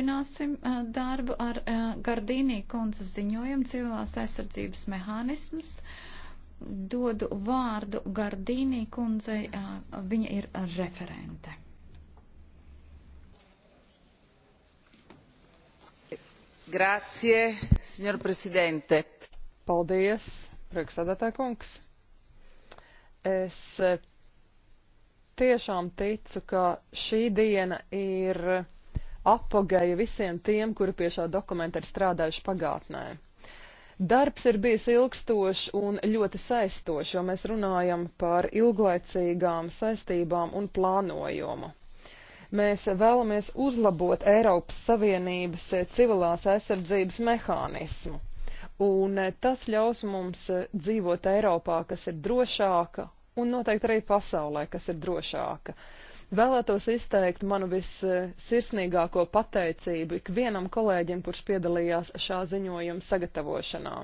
Turpināsim eh, darbu ar eh, Gardīnī kundzes ziņojumu civilās aizsardzības mehānismus. Dodu vārdu Gardīnī kundzei, eh, viņa ir referente. Grazie, signor Presidente. Paldies, priekšsādātā kungs. Es tiešām ticu, ka šī diena ir apogeja visiem tiem, kuri pie šā dokumenta ir strādājuši pagātnē. Darbs ir bijis ilgstošs un ļoti saistošs, jo mēs runājam par ilglaicīgām saistībām un plānojumu. Mēs vēlamies uzlabot Eiropas Savienības civilās aizsardzības mehānismu, un tas ļaus mums dzīvot Eiropā, kas ir drošāka, un noteikti arī pasaulē, kas ir drošāka. Uh, Vēlētos izteikt manu vissirsnīgāko pateicību ikvienam kolēģim, kurš piedalījās šā ziņojuma sagatavošanā.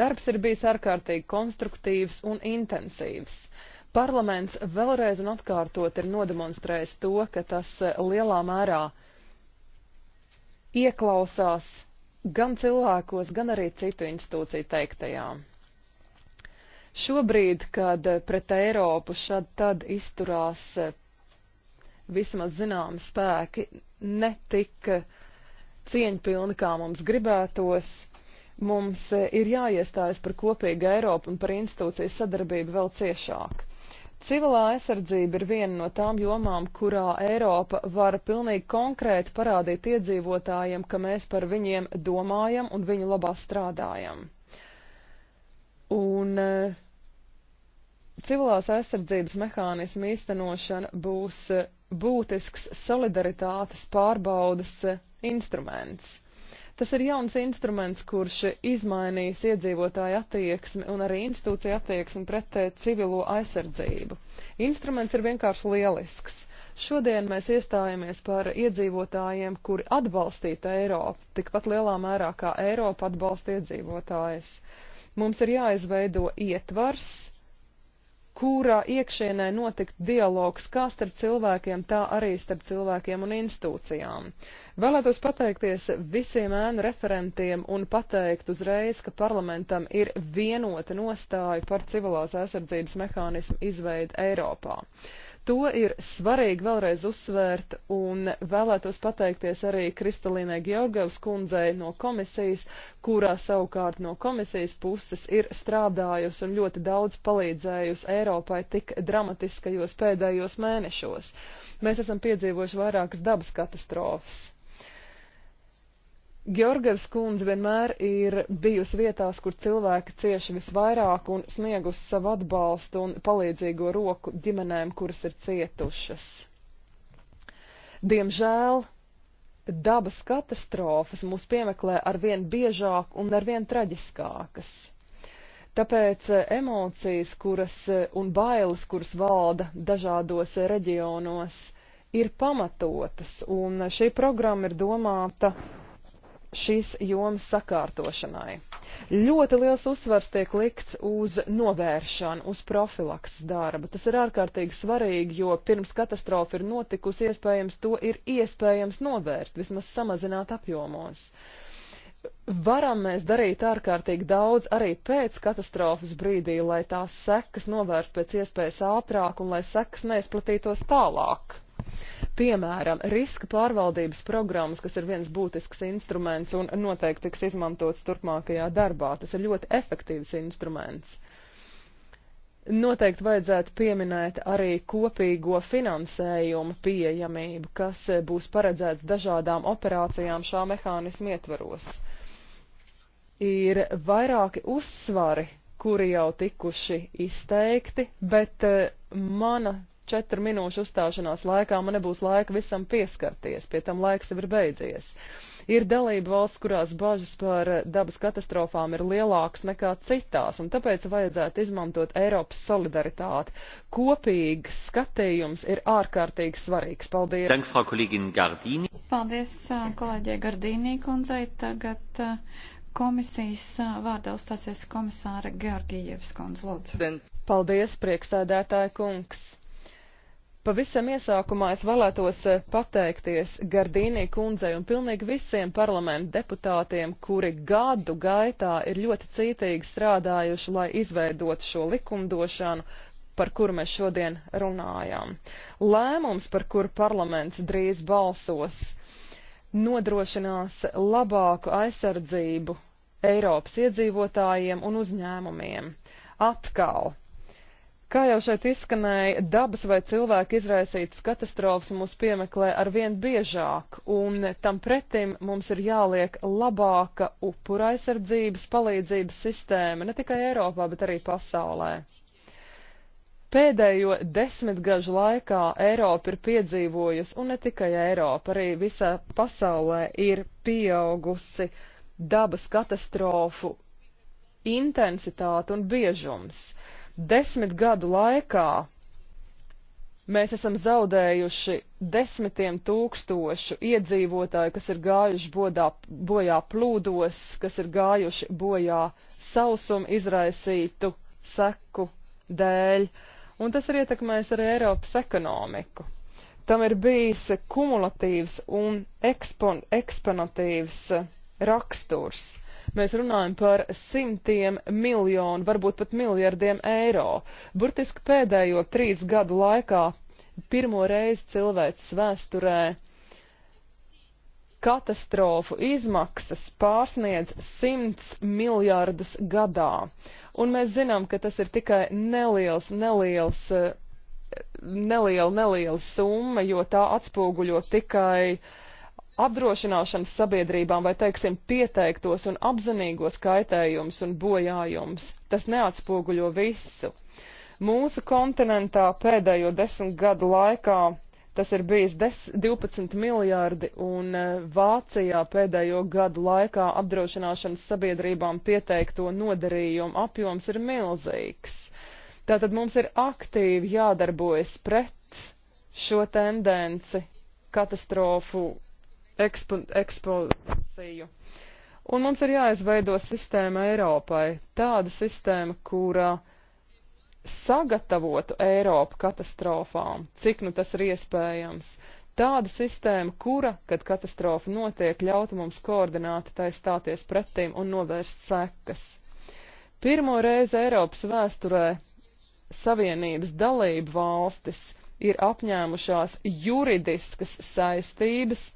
Darbs ir bijis ārkārtīgi konstruktīvs un intensīvs. Parlaments vēlreiz un atkārtot ir nodemonstrējis to, ka tas lielā mērā ieklausās gan cilvēkos, gan arī citu institūciju teiktajā. Šobrīd, kad pret Eiropu šad tad izturās vismaz zināmi spēki netika cieņpilni, kā mums gribētos. Mums e, ir jāiestājas par kopīgu Eiropu un par institūciju sadarbību vēl ciešāk. Civilā aizsardzība ir viena no tām jomām, kurā Eiropa var pilnīgi konkrēti parādīt iedzīvotājiem, ka mēs par viņiem domājam un viņu labā strādājam. Un e, civilās aizsardzības mehānismu īstenošana būs e, būtisks solidaritātes pārbaudas eh, instruments. Tas ir jauns instruments, kurš izmainīs iedzīvotāju attieksmi un arī institūciju attieksmi pret eh, civilo aizsardzību. Instruments ir vienkārši lielisks. Šodien mēs iestājamies par iedzīvotājiem, kuri atbalstītu Eiropu, tikpat lielā mērā kā Eiropa atbalsta iedzīvotājus. Mums ir jāizveido ietvars, kurā iekšienē notikt dialogs kā starp cilvēkiem, tā arī starp cilvēkiem un institūcijām. Vēlētos pateikties visiem ēnu referentiem un pateikt uzreiz, ka parlamentam ir vienota nostāja par civilās aizsardzības mehānismu izveidu Eiropā. Uh, To ir svarīgi vēlreiz uzsvērt un vēlētos pateikties arī Kristalīnai Georgavas kundzei no komisijas, kurā savukārt no komisijas puses ir strādājusi un ļoti daudz palīdzējusi Eiropai tik dramatiskajos pēdējos mēnešos. Mēs esam piedzīvojuši vairākas dabas katastrofas. Georgievs kundze vienmēr ir bijusi vietās, kur cilvēki cieši visvairāk un sniegusi savu atbalstu un palīdzīgo roku ģimenēm, kuras ir cietušas. Diemžēl dabas katastrofas mūs piemeklē arvien biežāk un arvien traģiskākas. Tāpēc eh, emocijas kuras, eh, un bailes, kuras valda dažādos eh, reģionos, ir pamatotas, un šī programma ir domāta šīs jomas sakārtošanai. Ļoti liels uzsvars tiek likts uz novēršanu, uz profilakses darbu. Tas ir ārkārtīgi svarīgi, jo pirms katastrofa ir notikusi, iespējams, to ir iespējams novērst, vismaz samazināt apjomos. Varam mēs darīt ārkārtīgi daudz arī pēc katastrofas brīdī, lai tās sekas novērst pēc iespējas ātrāk un lai sekas neizplatītos tālāk. Piemēram, riska pārvaldības programmas, kas ir viens būtisks instruments un noteikti tiks izmantots turpmākajā darbā. Tas ir ļoti efektīvs instruments. Noteikti vajadzētu pieminēt arī kopīgo finansējumu pieejamību, kas būs paredzēts dažādām operācijām šā mehānismu ietvaros. Ir vairāki uzsvari, kuri jau tikuši izteikti, bet eh, mana četru minūšu uzstāšanās laikā man nebūs laika visam pieskarties, pie tam laiks jau ir beidzies. Ir dalība valsts, kurās bažas par dabas katastrofām ir lielākas nekā citās, un tāpēc vajadzētu izmantot Eiropas solidaritāti. Kopīgs skatījums ir ārkārtīgi svarīgs. Paldies! Dank, Frau Kollegin Gardini. Paldies kolēģē Gardīnī kundzei. Tagad komisijas vārdā uzstāsies komisāra Georgijevs kundze. Lūdzu. Paldies, prieksēdētāja kungs! Pavisam iesākumā es vēlētos eh, pateikties Gardīnī kundzei un pilnīgi visiem parlamentu deputātiem, kuri gadu gaitā ir ļoti cītīgi strādājuši, lai izveidotu šo likumdošanu, par kuru mēs šodien runājam. Lēmums, par kuru parlaments drīz balsos, nodrošinās labāku aizsardzību Eiropas iedzīvotājiem un uzņēmumiem. Atkal Kā jau šeit izskanēja, dabas vai cilvēka izraisītas katastrofas mūs piemeklē arvien biežāk, un tam pretim mums ir jāliek labāka upura aizsardzības palīdzības sistēma ne tikai Eiropā, bet arī pasaulē. Pēdējo desmitgažu laikā Eiropa ir piedzīvojusi, un ne tikai Eiropa, arī visā pasaulē ir pieaugusi dabas katastrofu intensitāte un biežums. Uh, Desmit gadu laikā mēs esam zaudējuši desmitiem tūkstošu iedzīvotāju, kas ir gājuši bodā, bojā plūdos, kas ir gājuši bojā sausuma izraisītu seku dēļ, un tas ir ietekmējis arī Eiropas ekonomiku. Tam ir bijis kumulatīvs un ekspon, eksponatīvs raksturs. Mēs runājam par simtiem miljonu, varbūt pat miljardiem eiro. Burtiski pēdējo trīs gadu laikā pirmo reizi cilvēks vēsturē katastrofu izmaksas pārsniedz 100 miljārdus gadā. Un mēs zinām, ka tas ir tikai neliels, neliels, neliela, neliela summa, jo tā atspoguļo tikai uh, apdrošināšanas sabiedrībām vai, teiksim, pieteiktos un apzinīgos kaitējums un bojājums. Tas neatspoguļo visu. Mūsu kontinentā pēdējo desmit gadu laikā tas ir bijis 12 miljārdi, un e, Vācijā pēdējo gadu laikā apdrošināšanas sabiedrībām pieteikto nodarījumu apjoms ir milzīgs. Tātad mums ir aktīvi jādarbojas pret šo tendenci katastrofu ekspo, ekspozīciju. Un mums ir jāizveido sistēma Eiropai, tāda sistēma, kura sagatavotu Eiropu katastrofām, cik nu tas ir iespējams. Tāda sistēma, kura, kad katastrofa notiek, ļautu mums koordināti tai stāties pretīm un novērst sekas. Pirmo reizi Eiropas vēsturē Savienības dalību valstis ir apņēmušās juridiskas saistības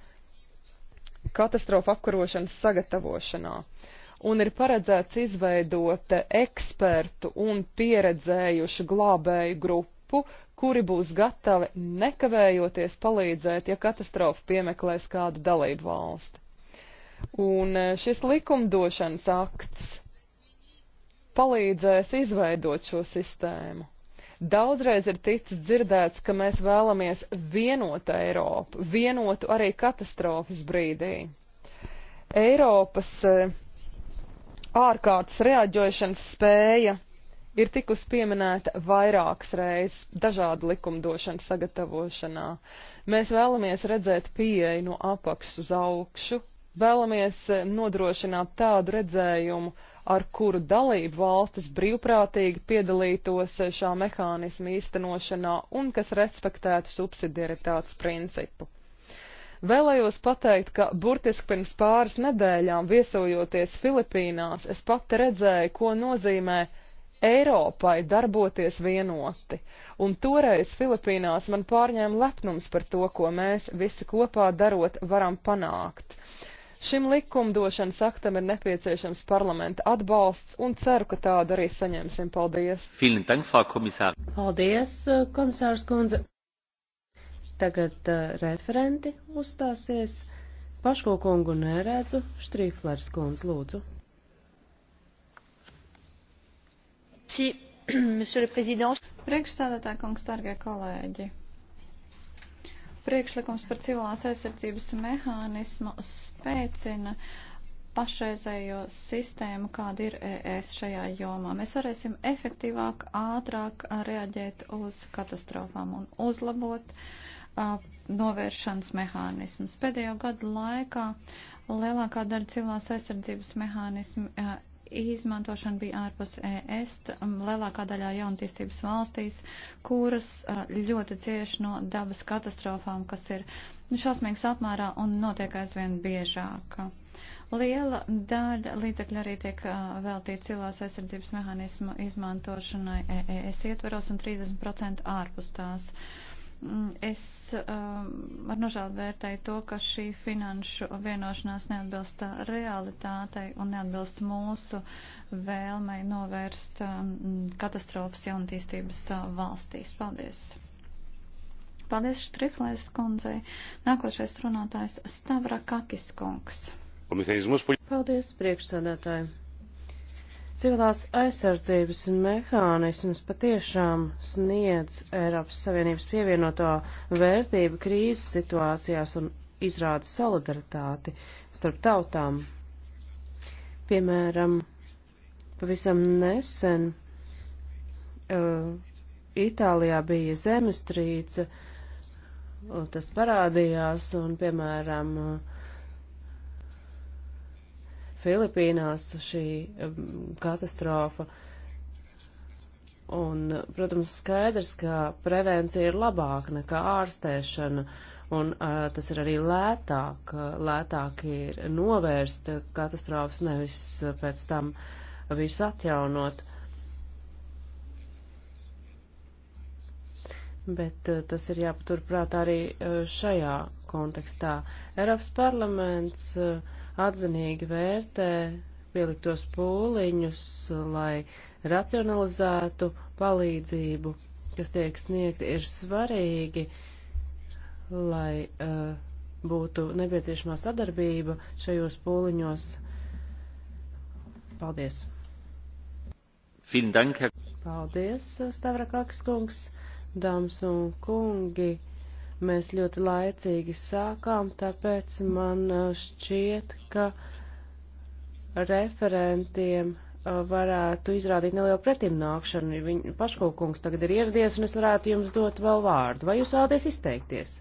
katastrofa apkarošanas sagatavošanā. Un ir paredzēts izveidot ekspertu un pieredzējušu glābēju grupu, kuri būs gatavi nekavējoties palīdzēt, ja katastrofa piemeklēs kādu dalību valsti. Un eh, šis likumdošanas akts palīdzēs izveidot šo sistēmu. Daudzreiz ir ticis dzirdēts, ka mēs vēlamies vienotu Eiropu, vienotu arī katastrofas brīdī. Eiropas eh, ārkārtas reaģēšanas spēja ir tikusi pieminēta vairākas reizes dažādu likumdošanu sagatavošanā. Mēs vēlamies redzēt pieeju no apakšas uz augšu, vēlamies eh, nodrošināt tādu redzējumu, ar kuru dalību valstis brīvprātīgi piedalītos šā mehānisma īstenošanā un kas respektētu subsidiaritātes principu. Vēlējos pateikt, ka burtiski pirms pāris nedēļām viesojoties Filipīnās, es pati redzēju, ko nozīmē Eiropai darboties vienoti, un toreiz Filipīnās man pārņēma lepnums par to, ko mēs visi kopā darot varam panākt. Šim likumdošanas aktam ir nepieciešams parlamenta atbalsts un ceru, ka tādu arī saņemsim. Paldies! Paldies, eh, komisārs kundze! Tagad uh, referenti uzstāsies. Paško kungu neredzu, Štrīflers kundz lūdzu. Si, Priekšstādātā kungs, targie kolēģi! Priekšlikums par civilās aizsardzības mehānismu spēcina pašreizējo sistēmu, kāda ir ES šajā jomā. Mēs varēsim efektīvāk, ātrāk reaģēt uz katastrofām un uzlabot uh, novēršanas mehānismus. Pēdējo gadu laikā lielākā daļa civilās aizsardzības mehānismu uh, izmantošana bija ārpus ES, lielākā daļā jaunatīstības valstīs, kuras ļoti cieši no dabas katastrofām, kas ir šausmīgs apmērā un notiek aizvien biežāk. Liela daļa līdzekļu arī tiek veltīta cilvēks aizsardzības mehānismu izmantošanai ES ietveros un 30% ārpus tās. Uh, Mm, es um, ar nožēlu vērtēju to, ka šī finanšu vienošanās neatbilst realitātei un neatbilst mūsu vēlmei novērst um, katastrofas jaunatīstības uh, valstīs. Paldies! Paldies Štriflēs kundzei. Nākošais runātājs Stavra Kakis kungs. Paldies priekšsēdētājiem! Civilās aizsardzības mehānisms patiešām sniedz Eiropas Savienības pievienoto vērtību krīzes situācijās un izrāda solidaritāti starp tautām. Piemēram, pavisam nesen uh, Itālijā bija zemestrīce, tas parādījās, un, piemēram, uh, Filipīnās šī katastrofa. Un, protams, skaidrs, ka prevencija ir labāka nekā ārstēšana, un uh, tas ir arī lētāk. Lētāk ir novērst katastrofas, nevis pēc tam visu atjaunot. Bet uh, tas ir jāpaturprāt arī uh, šajā kontekstā. Eiropas parlaments. Uh, atzinīgi vērtē pieliktos pūliņus, lai racionalizētu palīdzību, kas tiek sniegta, ir svarīgi, lai uh, būtu nepieciešamā sadarbība šajos pūliņos. Paldies! Paldies, Stavrakakis kungs, dāmas un kungi! Mēs ļoti laicīgi sākām, tāpēc man šķiet, ka referentiem varētu izrādīt nelielu pretimnākšanu. Viņa paškokungs tagad ir ieradies, un es varētu jums dot vēl vārdu. Vai jūs vēlaties izteikties?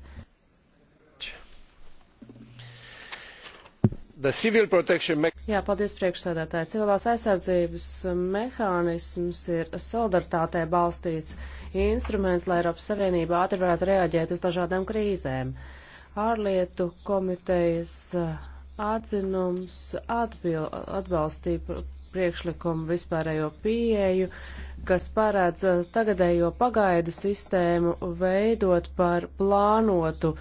Jā, paldies priekšsēdētāji. Civilās aizsardzības mehānisms ir solidaritātē balstīts instruments, lai Eiropas Savienība ātri varētu reaģēt uz dažādām krīzēm. Ārlietu komitejas eh, atzinums atbil, atbalstīja priekšlikumu vispārējo pieeju, kas paredz eh, tagadējo pagaidu sistēmu veidot par plānotu uh,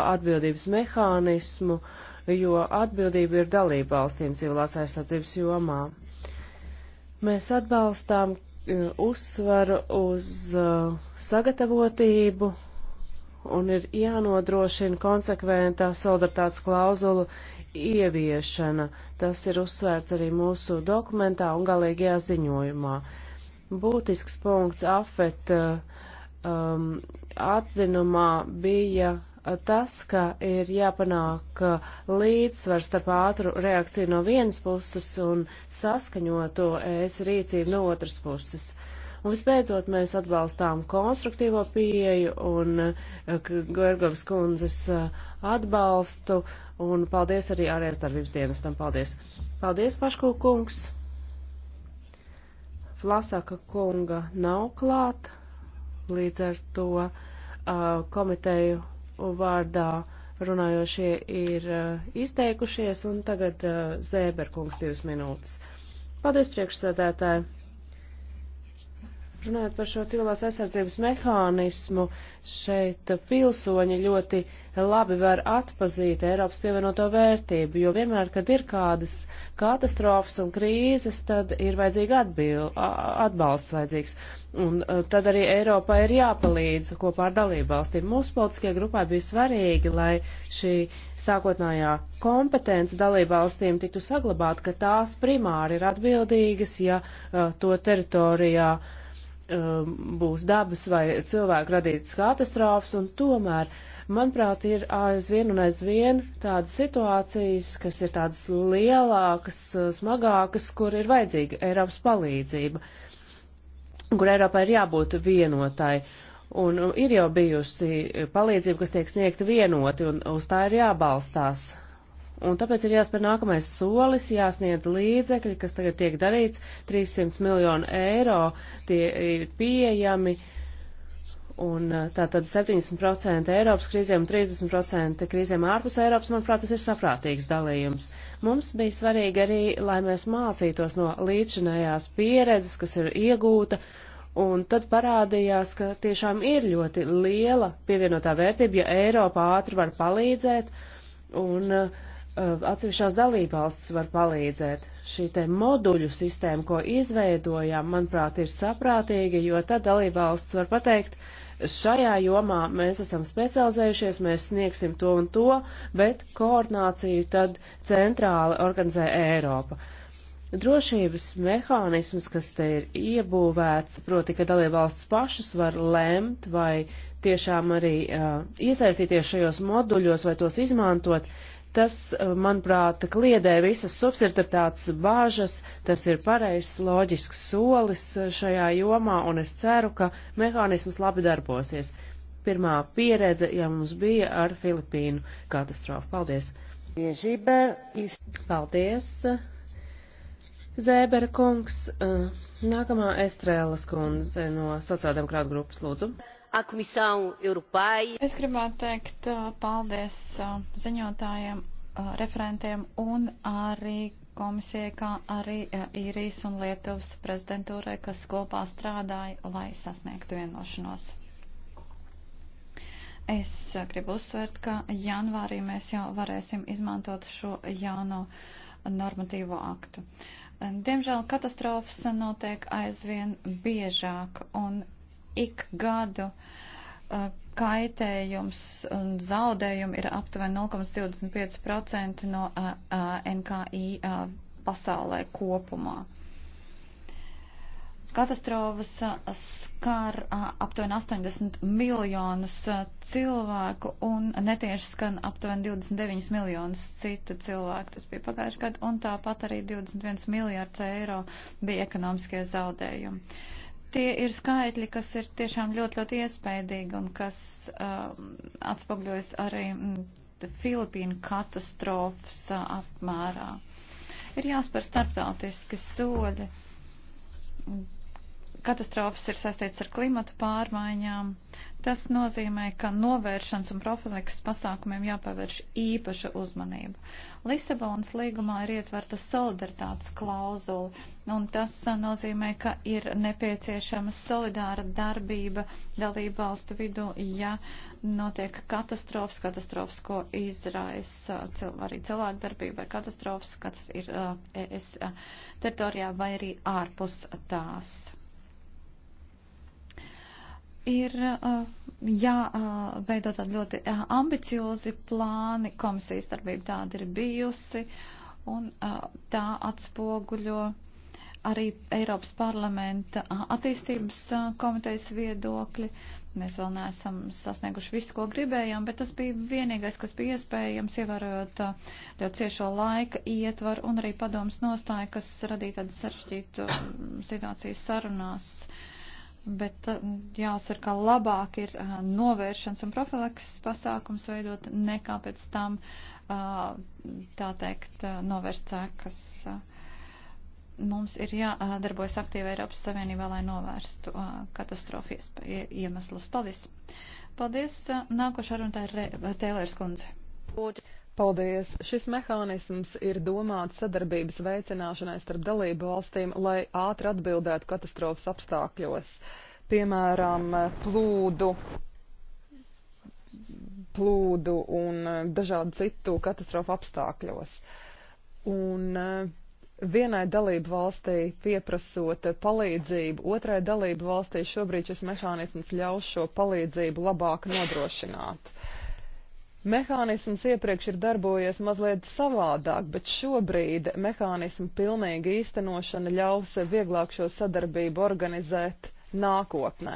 atbildības mehānismu. Uh, jo atbildība ir dalība valstīm civilās aizsardzības jomā. Mēs atbalstām e, uzsvaru uz e, sagatavotību un ir jānodrošina konsekventā solidaritātes klauzulu ieviešana. Tas ir uzsvērts arī mūsu dokumentā un galīgajā ziņojumā. Būtisks punkts afet e, um, atzinumā bija tas, ka ir jāpanāk uh, līdzsvars starp ātru reakciju no vienas puses un saskaņoto ES rīcību no otras puses. Un visbeidzot, mēs atbalstām konstruktīvo pieeju un uh, Gorgovas kundzes uh, atbalstu, un paldies arī ārējās darbības dienestam. Paldies! Paldies, Pašku kungs! Flasaka kunga nav klāt, līdz ar to uh, komiteju vārdā runājošie ir eh, izteikušies, un tagad eh, Zēberkungs divas minūtes. Paldies, priekšsēdētāji! Runājot par šo civilās aizsardzības mehānismu, šeit pilsoņi ļoti labi var atpazīt Eiropas pievienoto vērtību, jo vienmēr, kad ir kādas katastrofas un krīzes, tad ir vajadzīga atbil, atbalsts vajadzīgs. Un tad arī Eiropā ir jāpalīdz kopā ar dalībvalstīm. Mūsu politiskajai grupai bija svarīgi, lai šī sākotnējā kompetence dalībvalstīm tiktu saglabāta, ka tās primāri ir atbildīgas, ja to teritorijā uh, Um, būs dabas vai cilvēku radītas katastrofas, un tomēr, manuprāt, ir aizvien un aizvien tādas situācijas, kas ir tādas lielākas, uh, smagākas, kur ir vajadzīga Eiropas palīdzība, kur Eiropai ir jābūt vienotai. Un ir jau bijusi palīdzība, kas tiek sniegta vienoti, un uz tā ir jābalstās. Un tāpēc ir jāspēr nākamais solis, jāsniedz līdzekļi, kas tagad tiek darīts, 300 miljonu eiro, tie ir pieejami. Un eh, tātad 70% Eiropas krīzēm un 30% krīzēm ārpus Eiropas, manuprāt, tas ir saprātīgs dalījums. Mums bija svarīgi arī, lai mēs mācītos no līdzinējās pieredzes, kas ir iegūta, un tad parādījās, ka tiešām ir ļoti liela pievienotā vērtība, ja Eiropa ātri var palīdzēt. Un uh, Uh, atsevišķās dalībvalstis var palīdzēt. Šī te moduļu sistēma, ko izveidojām, manuprāt, ir saprātīga, jo tad dalībvalsts var pateikt, šajā jomā mēs esam specializējušies, mēs sniegsim to un to, bet koordināciju tad centrāli organizē Eiropa. Drošības mehānisms, kas te ir iebūvēts, proti, ka dalībvalsts pašas var lemt vai tiešām arī uh, iesaistīties šajos moduļos vai tos izmantot, uh, Tas, eh, manuprāt, kliedē visas subsidaritātes bāžas, tas ir pareizs loģisks solis eh, šajā jomā, un es ceru, ka mehānisms labi darbosies. Pirmā pieredze, ja mums bija ar Filipīnu katastrofu. Paldies! Paldies! Zēbera kungs, eh, nākamā Estrēlas kundze no sociāldemokrāta grupas lūdzu à Comissão Europeia. Es gribētu teikt uh, paldies uh, ziņotājiem, uh, referentiem un arī komisijai, kā arī īrijas un Lietuvas prezidentūrai, kas kopā strādāja, lai sasniegtu vienošanos. Es gribu uzsvert, ka janvārī mēs jau varēsim izmantot šo jauno normatīvo aktu. Diemžēl katastrofas notiek aizvien biežāk, un ik gadu uh, kaitējums un zaudējumi ir aptuveni 0,25% no uh, uh, NKI pasaulē kopumā. Katastrofas skar aptuveni 80 miljonus cilvēku un netieši skan aptuveni 29 miljonus citu cilvēku. Tas bija pagājuši gadu un tāpat arī 21 miljārds eiro bija ekonomiskie zaudējumi. Uh, Tie ir skaitļi, kas ir tiešām ļoti, ļoti iespaidīgi un kas uh, um, atspogļojas arī mm, Filipīnu katastrofas uh, apmērā. Ir jāspēr starptautiski soļi katastrofas ir saistīts ar klimatu pārmaiņām. Tas nozīmē, ka novēršanas un profilaks pasākumiem jāpavērš īpaša uzmanība. Lisabonas līgumā ir ietverta solidaritātes klauzula, un tas nozīmē, ka ir nepieciešama solidāra darbība dalību valstu vidū, ja notiek katastrofas, katastrofas, ko izraisa cil, arī cilvēku darbība vai katastrofas, kas ir uh, ES uh, teritorijā vai arī ārpus tās ir uh, jāveido uh, tādi ļoti uh, ambiciozi plāni, komisijas darbība tāda ir bijusi, un tā atspoguļo arī Eiropas parlamenta attīstības komitejas viedokļi. Mēs vēl neesam sasnieguši visu, ko gribējām, bet tas bija vienīgais, kas bija iespējams, ievērojot ļoti ciešo laika ietvaru un arī padomas nostāju, kas radīja tādu sarežģītu um, situāciju sarunās. Uh, Bet uh, jāuzsver, ka labāk ir uh, novēršanas un profilakses pasākums veidot nekā pēc tam, uh, tā teikt, novērst cekas. Mums ir jādarbojas aktīvi Eiropas Savienībā, lai novērstu katastrofu iemeslus. Paldies! Paldies! Nākošā runā ir Tēlērs kundze. Paldies! Šis mehānisms ir domāts sadarbības veicināšanai starp dalību valstīm, lai ātri atbildētu katastrofas apstākļos, piemēram, plūdu, plūdu un eh, dažādu citu katastrofu apstākļos. Un eh, vienai dalību valstī pieprasot palīdzību, otrai dalību valstī šobrīd šis mehānisms ļaus šo palīdzību labāk nodrošināt. Uh, Mehānisms iepriekš ir darbojies mazliet savādāk, bet šobrīd mehānismu pilnīga īstenošana ļaus vieglāk šo sadarbību organizēt nākotnē.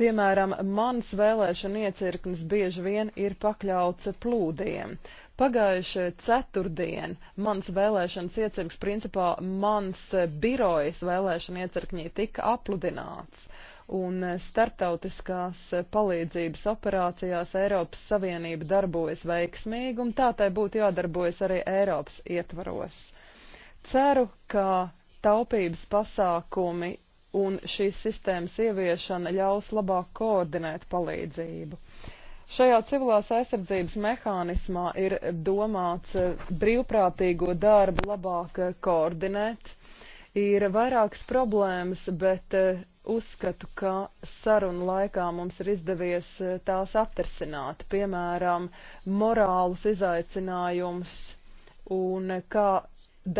Piemēram, mans vēlēšana iecirknis bieži vien ir pakļauts plūdiem. Pagājuši ceturtdien mans vēlēšanas iecirks, principā mans birojas vēlēšana iecirkņī tika apludināts. Uh, un eh, starptautiskās eh, palīdzības operācijās Eiropas Savienība darbojas veiksmīgi, un tā tai būtu jādarbojas arī Eiropas ietvaros. Ceru, ka taupības pasākumi un šīs sistēmas ieviešana ļaus labāk koordinēt palīdzību. Šajā civilās aizsardzības mehānismā ir domāts eh, brīvprātīgo darbu labāk koordinēt. Ir vairākas problēmas, bet uzskatu, ka sarunu laikā mums ir izdevies eh, tās atrasināt, piemēram, morālus izaicinājumus un kā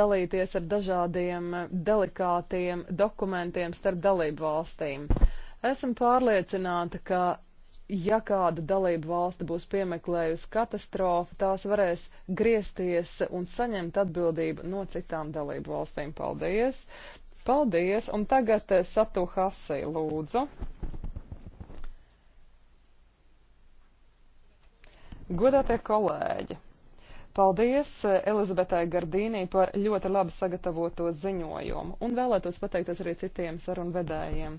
dalīties ar dažādiem eh, delikātiem dokumentiem starp dalību valstīm. Esmu pārliecināta, ka ja kāda dalība valsta būs piemeklējusi katastrofu, tās varēs griezties un saņemt atbildību no citām dalību valstīm. Paldies! Paldies, un tagad eh, Satu Hasī lūdzu. Godātie kolēģi, Paldies Elizabetai Gardīnī par ļoti labi sagatavoto ziņojumu un vēlētos pateikties arī citiem sarunvedējiem.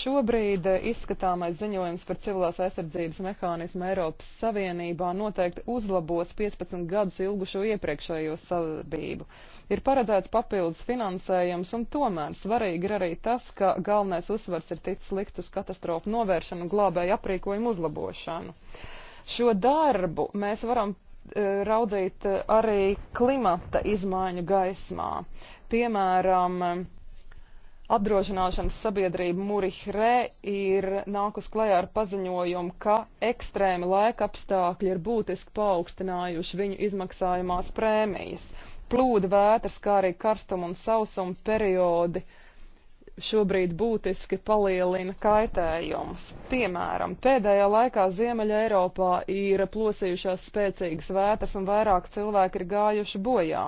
Šobrīd izskatāmais ziņojums par civilās aizsardzības mehānismu Eiropas Savienībā noteikti uzlabos 15 gadus ilgušo iepriekšējo sadarbību. Ir paredzēts papildus finansējums un tomēr svarīgi ir arī tas, ka galvenais uzsvars ir ticis likt uz katastrofu novēršanu un glābēju aprīkojumu uzlabošanu. Šo darbu mēs varam Eh, raudzīt eh, arī klimata izmaiņu gaismā. Piemēram, apdrošināšanas sabiedrība Murihre ir nākus klajā ar paziņojumu, ka ekstrēmi laika apstākļi ir būtiski paaugstinājuši viņu izmaksājumās prēmijas. Plūda vētras, kā arī karstuma un sausuma periodi uh, šobrīd būtiski palielina kaitējumus. Piemēram, pēdējā laikā Ziemeļa Eiropā ir plosījušās spēcīgas vētras un vairāk cilvēki ir gājuši bojā.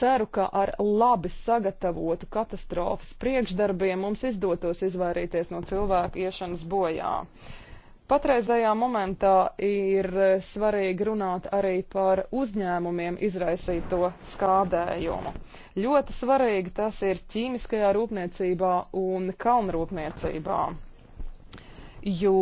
Ceru, ka ar labi sagatavotu katastrofas priekšdarbiem mums izdotos izvairīties no cilvēku iešanas bojā. Patreizajā momentā ir e, svarīgi runāt arī par uzņēmumiem izraisīto skādējumu. Ļoti svarīgi tas ir ķīmiskajā rūpniecībā un kalnrūpniecībā, jo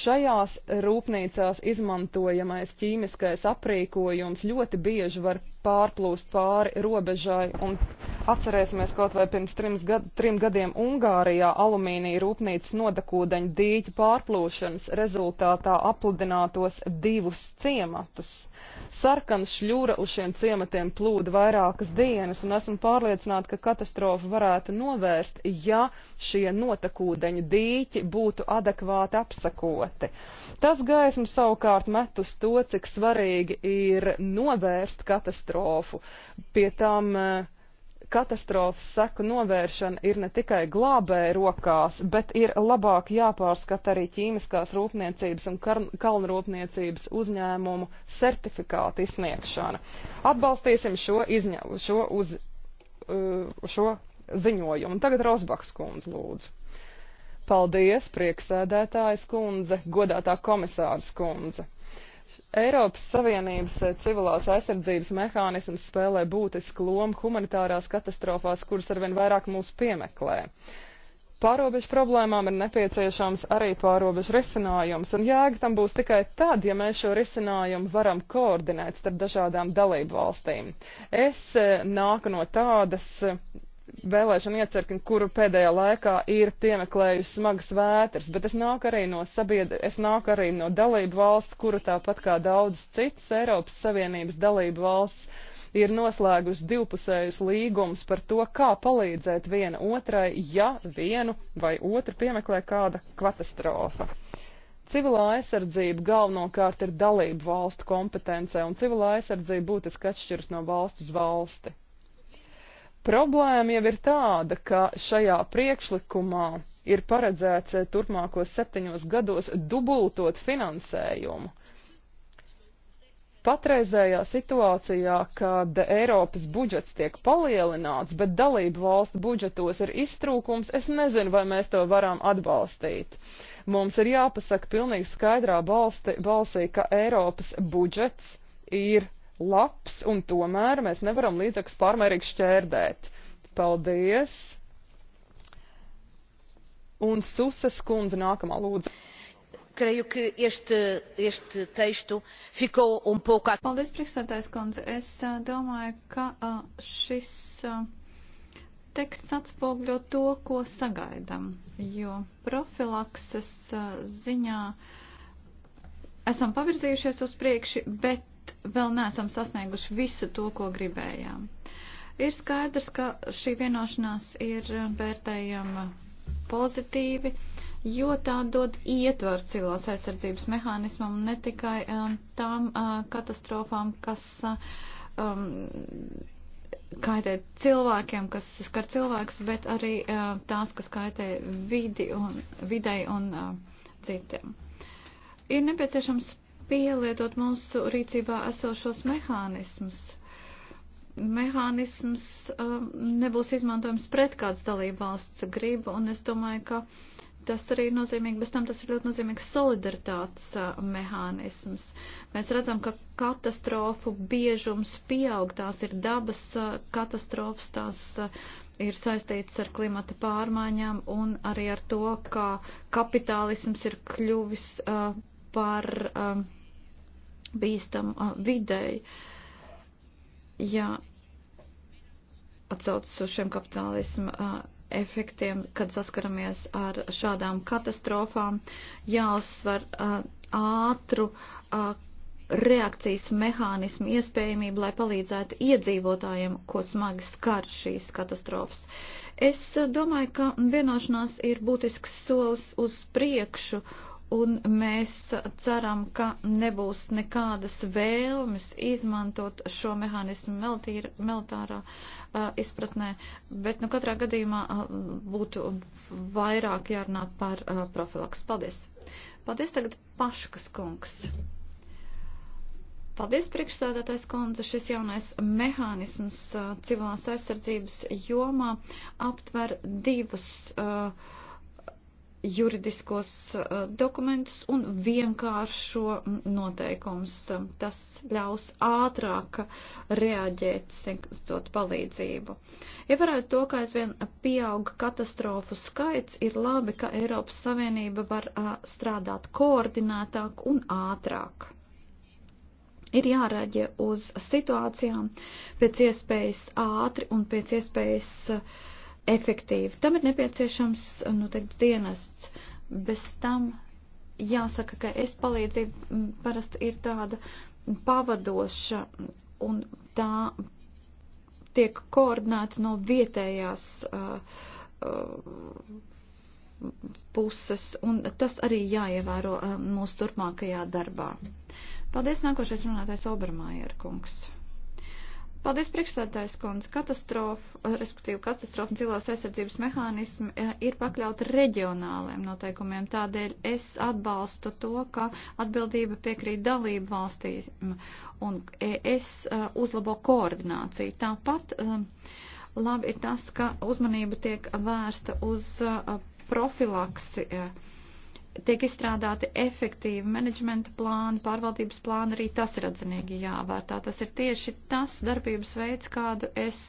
šajās rūpnīcās izmantojamais ķīmiskais aprīkojums ļoti bieži var pārplūst pāri robežai un Atcerēsimies kaut vai pirms trims gad, trim gadiem Ungārijā alumīnija rūpnīcas nodakūdeņu dīķu pārplūšanas rezultātā apludinātos divus ciematus. Sarkans šļūra uz šiem ciematiem plūda vairākas dienas, un esmu pārliecināta, ka katastrofu varētu novērst, ja šie notakūdeņu dīķi būtu adekvāti apsakoti. Tas gaismu savukārt met uz to, cik svarīgi ir novērst katastrofu. Pie tam uh, katastrofas seku novēršana ir ne tikai glābēja rokās, bet ir labāk jāpārskata arī ķīmiskās rūpniecības un kalnrūpniecības uzņēmumu certifikātu izsniegšana. Atbalstīsim šo, izņa, šo, uz, uh, šo ziņojumu. Tagad Rosbaks kundze lūdzu. Paldies, prieksēdētājas kundze, godātā komisāras kundze. Eiropas Savienības eh, civilās aizsardzības mehānisms spēlē būtisku lomu humanitārās katastrofās, kuras arvien vairāk mūs piemeklē. Pārobežu problēmām ir nepieciešams arī pārobežu risinājums, un jēga tam būs tikai tad, ja mēs šo risinājumu varam koordinēt starp dažādām dalību valstīm. Es eh, nāku no tādas vēlēšana iecirkni, kuru pēdējā laikā ir piemeklējusi smagas vētras, bet es nāku arī no sabiedri, es nāku arī no dalību valsts, kuru tāpat kā daudz citas Eiropas Savienības dalību valsts ir noslēgusi divpusējus līgumus par to, kā palīdzēt viena otrai, ja vienu vai otru piemeklē kāda katastrofa. Civilā aizsardzība galvenokārt ir dalību valstu kompetencē, un civilā aizsardzība būtiski atšķiras no valsts uz valsti. Problēma jau ir tāda, ka šajā priekšlikumā ir paredzēts eh, turpmākos septiņos gados dubultot finansējumu. Patreizējā situācijā, kad Eiropas budžets tiek palielināts, bet dalību valstu budžetos ir iztrūkums, es nezinu, vai mēs to varam atbalstīt. Mums ir jāpasaka pilnīgi skaidrā balsti, balsī, ka Eiropas budžets ir labs, un tomēr mēs nevaram līdzekļus pārmērīgi šķērdēt. Paldies! Un Susas kundze nākamā lūdzu creio que este, este texto ficou um pouco à... Paldies, priekšsēdājas kundze. Es domāju, ka šis teksts atspogļo to, ko sagaidam, jo profilakses ziņā esam pavirzījušies uz priekši, bet vēl neesam sasnieguši visu to, ko gribējām. Ir skaidrs, ka šī vienošanās ir um, vērtējama pozitīvi, jo tā dod ietvaru civilās aizsardzības mehānismam ne tikai um, tām uh, katastrofām, kas uh, um, kaitē cilvēkiem, kas skar cilvēkus, bet arī uh, tās, kas kaitē vidi un, videi un uh, citiem. Ir nepieciešams pielietot mūsu rīcībā esošos mehānismus. Mehānisms um, nebūs izmantojams pret kāds dalību valsts gribu, un es domāju, ka tas arī ir nozīmīgi, bez tam tas ir ļoti nozīmīgs solidaritātes a, uh, mehānisms. Mēs redzam, ka katastrofu biežums pieaug, tās ir dabas a, uh, katastrofas, tās a, uh, ir saistītas ar klimata pārmaiņām un arī ar to, ka kapitālisms ir kļuvis par. Um, bīstam videi, ja atsaucas uz šiem kapitālismu efektiem, kad saskaramies ar šādām katastrofām, jāuzsver ātru reakcijas mehānismu iespējamību, lai palīdzētu iedzīvotājiem, ko smagi skar šīs katastrofas. Es domāju, ka vienošanās ir būtisks solis uz priekšu un mēs ceram, ka nebūs nekādas vēlmes izmantot šo mehānismu militīra, militārā uh, izpratnē, bet nu katrā gadījumā uh, būtu vairāk jārunā par uh, profilaks. Paldies! Paldies tagad Paškas kungs! Paldies, priekšsēdētājs kundze. Šis jaunais mehānisms uh, civilās aizsardzības jomā aptver divus uh, juridiskos eh, dokumentus un vienkāršo noteikums. Tas ļaus ātrāk reaģēt, sniegtot palīdzību. Ievarētu ja to, ka aizvien pieaug katastrofu skaits, ir labi, ka Eiropas Savienība var eh, strādāt koordinētāk un ātrāk. Ir jārēģē uz situācijām pēc iespējas ātri un pēc iespējas uh, efektīvi. Tam ir nepieciešams, nu, teikt, dienests. Bez tam jāsaka, ka es palīdzību parasti ir tāda pavadoša un tā tiek koordinēta no vietējās uh, uh, puses, un tas arī jāievēro uh, mūsu turpmākajā darbā. Paldies, nākošais runātais Obermājer kungs. Paldies, priekšsēdētājs kundze. Katastrofa, eh, respektīvi katastrofa un cilvēks aizsardzības mehānismi eh, ir pakļauti reģionāliem noteikumiem. Tādēļ es atbalstu to, ka atbildība piekrīt dalību valstīm un es eh, uzlabo koordināciju. Tāpat labi ir tas, ka uzmanība tiek vērsta uz profilaksi. Uh, tiek izstrādāti efektīvi menedžmenta plāni, pārvaldības plāni, arī tas ir atzinīgi jāvērtā. Tas ir tieši tas darbības veids, kādu es,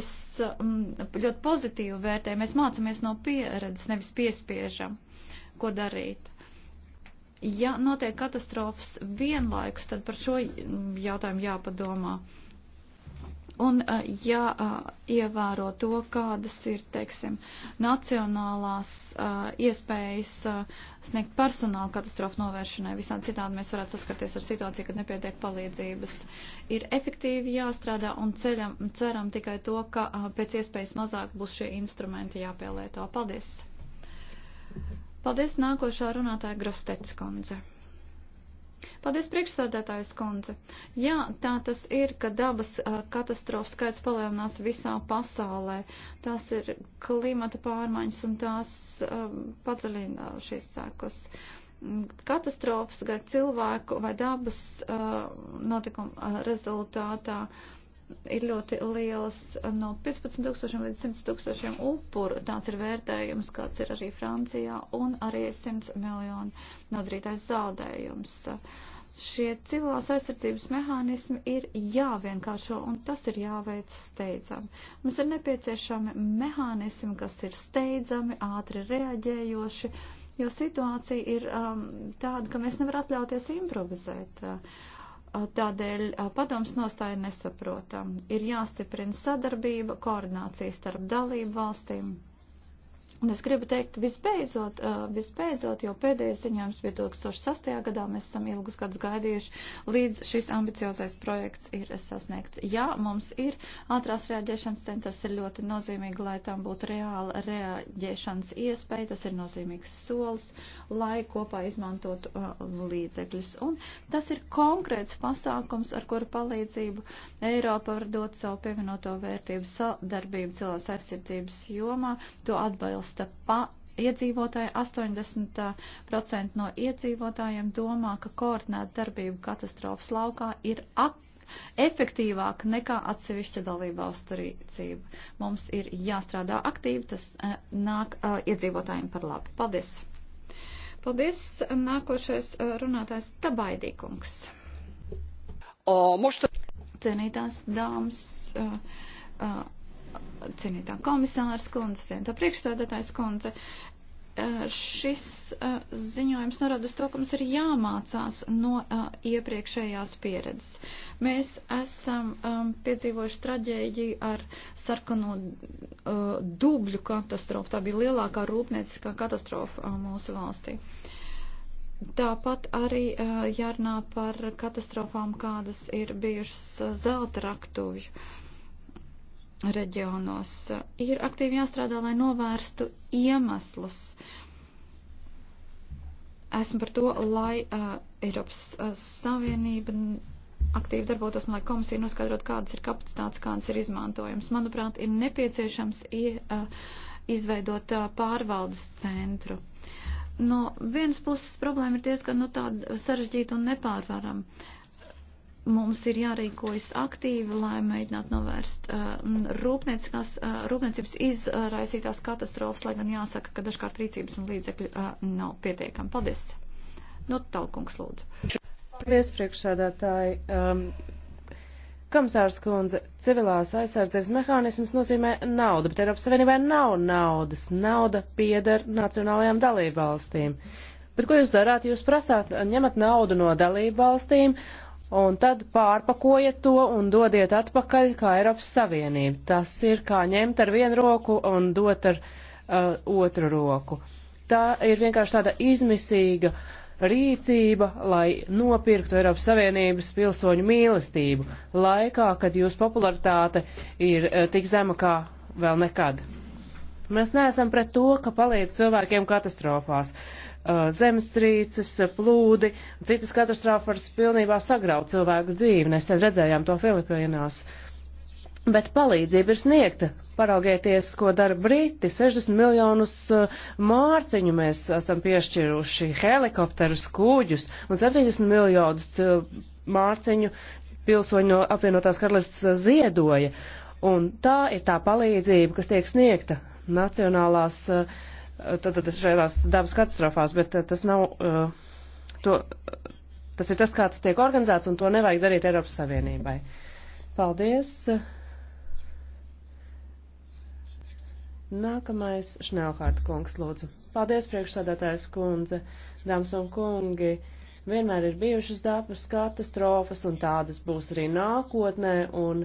es mm, ļoti pozitīvi vērtēju. Mēs mācāmies no pieredzes, nevis piespiežam, ko darīt. Ja notiek katastrofas vienlaikus, tad par šo jautājumu jāpadomā. Uh, Un jāievēro ja, to, kādas ir, teiksim, nacionālās iespējas sniegt personālu katastrofu novēršanai. Visādi citādi mēs varētu saskarties ar situāciju, kad nepietiek palīdzības. Ir efektīvi jāstrādā un ceļam, ceram tikai to, ka pēc iespējas mazāk būs šie instrumenti jāpielieto. Paldies! Paldies nākošā runātāja Grostets kundze. Paldies, priekšsādētājs kundze. Jā, tā tas ir, ka dabas katastrofu skaits palielinās visā pasaulē. Tās ir klimata pārmaiņas un tās um, padziļina šīs sēkas. Mm, katastrofas gan cilvēku vai dabas uh, notikuma rezultātā uh, ir ļoti liels no 15 tūkstošiem līdz 100 tūkstošiem upuru. Tāds ir vērtējums, kāds ir arī Francijā, un arī 100 miljonu nodarītais zaudējums. Šie civilās aizsardzības mehānismi ir jāvienkāršo, un tas ir jāveic steidzami. Mums ir nepieciešami mehānismi, kas ir steidzami, ātri reaģējoši, jo situācija ir um, tāda, ka mēs nevar atļauties improvizēt. Uh, Tādēļ padoms nostāja nesaprotam. Ir jāstiprina sadarbība, koordinācija starp dalību valstīm Un es gribu teikt, visbeidzot, eh, visbeidzot, jo pēdējais ziņojums bija 2006. gadā, mēs esam ilgus gadus gaidījuši, līdz šis ambiciozais projekts ir sasniegts. Jā, mums ir ātrās reaģēšanas centrs, ir ļoti nozīmīgi, lai tam būtu reāla reaģēšanas iespēja, tas ir nozīmīgs solis, lai kopā izmantotu uh, līdzekļus. Un tas ir konkrēts pasākums, ar kuru palīdzību Eiropa var dot savu pievienoto vērtību sadarbību cilvēks aizsardzības jomā, to atbalstu atbalsta pa iedzīvotāji, 80% no iedzīvotājiem domā, ka koordinēt darbību katastrofas laukā ir ap efektīvāk nekā atsevišķa dalībvalstu rīcība. Mums ir jāstrādā aktīvi, tas eh, nāk eh, iedzīvotājiem par labu. Paldies! Paldies! Nākošais eh, runātājs Tabaidīkungs. O, mušta... Cenītās dāmas. Uh, uh, cienītā komisārs kundze, cienītā priekšstādātājs kundze, šis ziņojums norāda uz to, ka mums ir jāmācās no iepriekšējās pieredzes. Mēs esam piedzīvojuši traģēģiju ar sarkano dubļu katastrofu. Tā bija lielākā rūpnieciskā katastrofa mūsu valstī. Tāpat arī jārunā par katastrofām, kādas ir bijušas zelta raktuvju reģionos. Ir aktīvi jāstrādā, lai novērstu iemeslus. Esmu par to, lai uh, Eiropas uh, Savienība aktīvi darbotos un lai komisija noskaidrot, kādas ir kapacitātes, kādas ir izmantojums. Manuprāt, ir nepieciešams ie, uh, izveidot uh, pārvaldes centru. No vienas puses problēma ir diezgan nu, tāda sarežģīta un nepārvarama. Uh, mums ir jārīkojas aktīvi, lai mēģinātu novērst uh, uh, rūpniecības izraisītās katastrofas, lai gan jāsaka, ka dažkārt rīcības un līdzekļi uh, nav pietiekami. Paldies! Nu, talkungs lūdzu. Paldies, priekšsēdētāji. Um, Kamsārs kundze, civilās aizsardzības mehānisms nozīmē naudu, bet Eiropas Savienībā nav naudas. Nauda pieder nacionālajām dalībvalstīm. Bet ko jūs darāt? Jūs prasāt, ņemat naudu no dalībvalstīm un tad pārpakojiet to un dodiet atpakaļ kā Eiropas Savienība. Tas ir kā ņemt ar vienu roku un dot ar uh, otru roku. Tā ir vienkārši tāda izmisīga rīcība, lai nopirktu Eiropas Savienības pilsoņu mīlestību laikā, kad jūs popularitāte ir uh, tik zema kā vēl nekad. Mēs neesam pret to, ka palīdz cilvēkiem katastrofās. Uh, zemestrīces, plūdi, citas katastrofas pilnībā sagrauj cilvēku dzīvi. Mēs redzējām to Filipīnās. Bet palīdzība ir sniegta. Paraugieties, ko dara Briti. 60 miljonus mārciņu mēs esam piešķiruši, helikopterus, kūģus un 70 miljonus mārciņu pilsoņu no apvienotās karalists ziedoja. Un tā ir tā palīdzība, kas tiek sniegta nacionālās uh, tad, tad šajās dabas katastrofās, bet eh, tas nav, eh, to, tas ir tas, kā tas tiek organizēts, un to nevajag darīt Eiropas Savienībai. Paldies. Nākamais Šnelhārta kungs, lūdzu. Paldies, priekšsādātājs kundze, dāmas un kungi. Vienmēr ir bijušas dabas katastrofas, un tādas būs arī nākotnē, un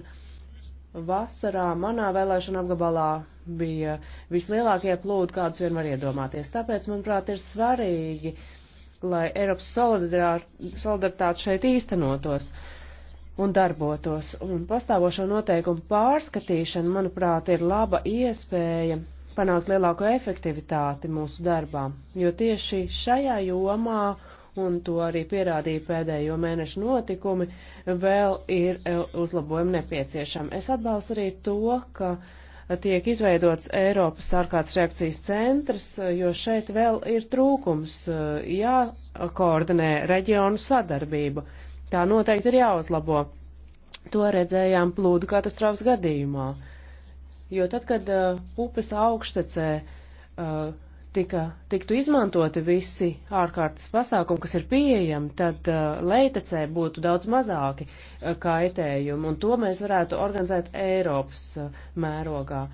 vasarā manā vēlēšana apgabalā bija vislielākie plūdi, kādus vien var iedomāties. Tāpēc, manuprāt, ir svarīgi, lai Eiropas solidaritāte šeit īstenotos un darbotos. Un pastāvošo noteikumu pārskatīšana, manuprāt, ir laba iespēja panākt lielāko efektivitāti mūsu darbā, jo tieši šajā jomā un to arī pierādīja pēdējo mēnešu notikumi, vēl ir eh, uzlabojumi nepieciešami. Es atbalstu arī to, ka uh, tiek izveidots Eiropas ārkārtas reakcijas centrs, jo šeit vēl ir trūkums eh, jākoordinē reģionu sadarbību. Tā noteikti ir jāuzlabo. To redzējām plūdu katastrofas gadījumā. Jo tad, kad uh, upes augštecē uh, eh, tika, tiktu izmantoti visi ārkārtas pasākumi, kas ir pieejami, tad uh, leitecē būtu daudz mazāki uh, kaitējumi, un to mēs varētu organizēt Eiropas uh, mērogā.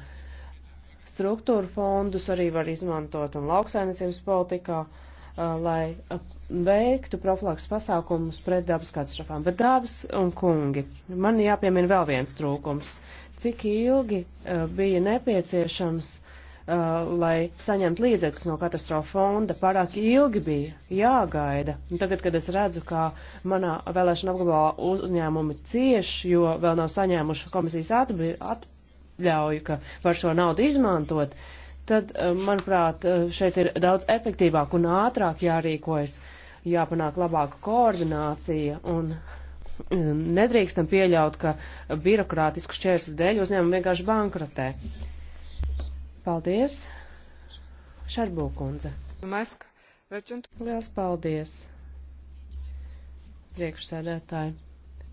Struktūra fondus arī var izmantot un lauksainicības politikā, uh, lai uh, veiktu profilaks pasākumus pret dabas katastrofām. Bet dāvas un kungi, man jāpiemina vēl viens trūkums. Cik ilgi uh, bija nepieciešams uh, Uh, lai saņemtu līdzekļus no katastrofa fonda, pārāk ilgi bija jāgaida. Un tagad, kad es redzu, kā manā vēlēšana apgabalā uzņēmumi cieš, jo vēl nav saņēmuši komisijas atļauju, ka var šo naudu izmantot, tad, uh, manuprāt, uh, šeit ir daudz efektīvāk un ātrāk jārīkojas, jāpanāk labāka koordinācija un um, nedrīkstam pieļaut, ka birokrātisku šķērslu dēļ uzņēmumi vienkārši bankrotē. Paldies, Šarbūkundze. Liels paldies, priekšsēdētāji.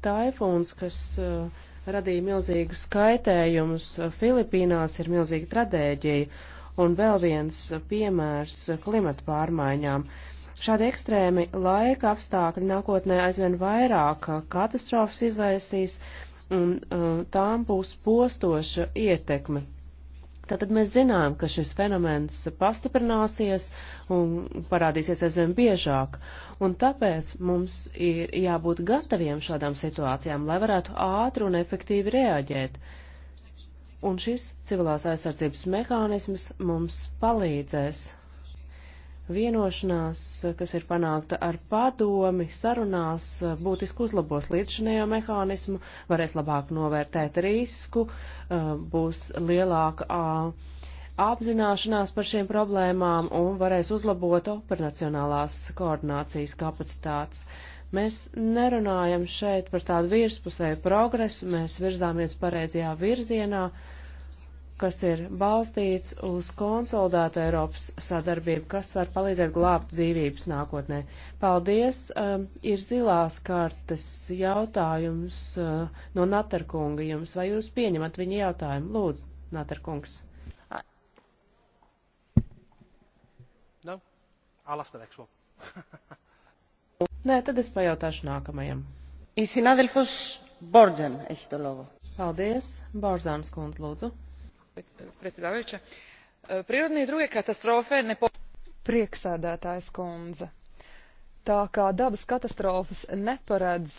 Taifūns, kas uh, radīja milzīgus kaitējumus uh, Filipīnās, ir milzīga tradēģija un vēl viens uh, piemērs uh, klimata pārmaiņām. Šādi ekstrēmi laika apstākļi nākotnē aizvien vairāk katastrofas izraisīs un uh, tām būs postoša ietekme Tātad mēs zinām, ka šis fenomens pastiprināsies un parādīsies aizvien biežāk, un tāpēc mums ir jābūt gataviem šādām situācijām, lai varētu ātri un efektīvi reaģēt. Un šis civilās aizsardzības mehānisms mums palīdzēs vienošanās, kas ir panākta ar padomi, sarunās būtiski uzlabos līdzšanējo mehānismu, varēs labāk novērtēt risku, būs lielāka apzināšanās par šiem problēmām un varēs uzlabot operacionālās koordinācijas kapacitātes. Mēs nerunājam šeit par tādu virspusēju progresu, mēs virzāmies pareizajā virzienā. Uh, kas ir balstīts uz konsolidētu Eiropas sadarbību, kas var palīdzēt glābt dzīvības nākotnē. Paldies! Um, ir zilās kartes jautājums uh, no Natarkunga jums. Vai jūs pieņemat viņa jautājumu? Lūdzu, Natarkungs. No? Nē, tad es pajautāšu nākamajam. Paldies, Borzāns kundze, lūdzu predsjedavajuća e, prirodne i druge katastrofe ne. prieksēdētājas kundze tā kā dabas katastrofas neparedz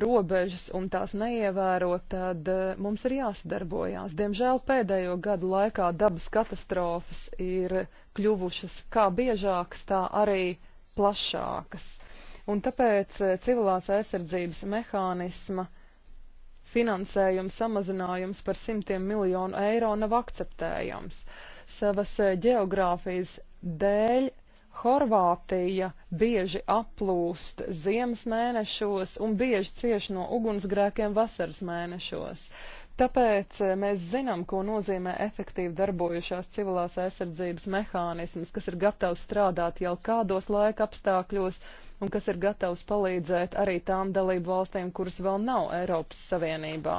robežas un tās neievēro, tad e, mums ir jāsadarbojās. Diemžēl pēdējo gadu laikā dabas katastrofas ir kļuvušas kā biežākas, tā arī plašākas. Un tāpēc e, civilās aizsardzības mehānisma finansējuma samazinājums par simtiem miljonu eiro nav akceptējams. Savas eh, geogrāfijas dēļ Horvātija bieži aplūst ziemas mēnešos un bieži cieš no ugunsgrēkiem vasaras mēnešos. Uh, Tāpēc eh, mēs zinām, ko nozīmē efektīvi darbojušās civilās aizsardzības mehānisms, kas ir gatavs strādāt jau kādos laika apstākļos un kas ir gatavs palīdzēt arī tām dalību valstīm, kuras vēl nav Eiropas Savienībā.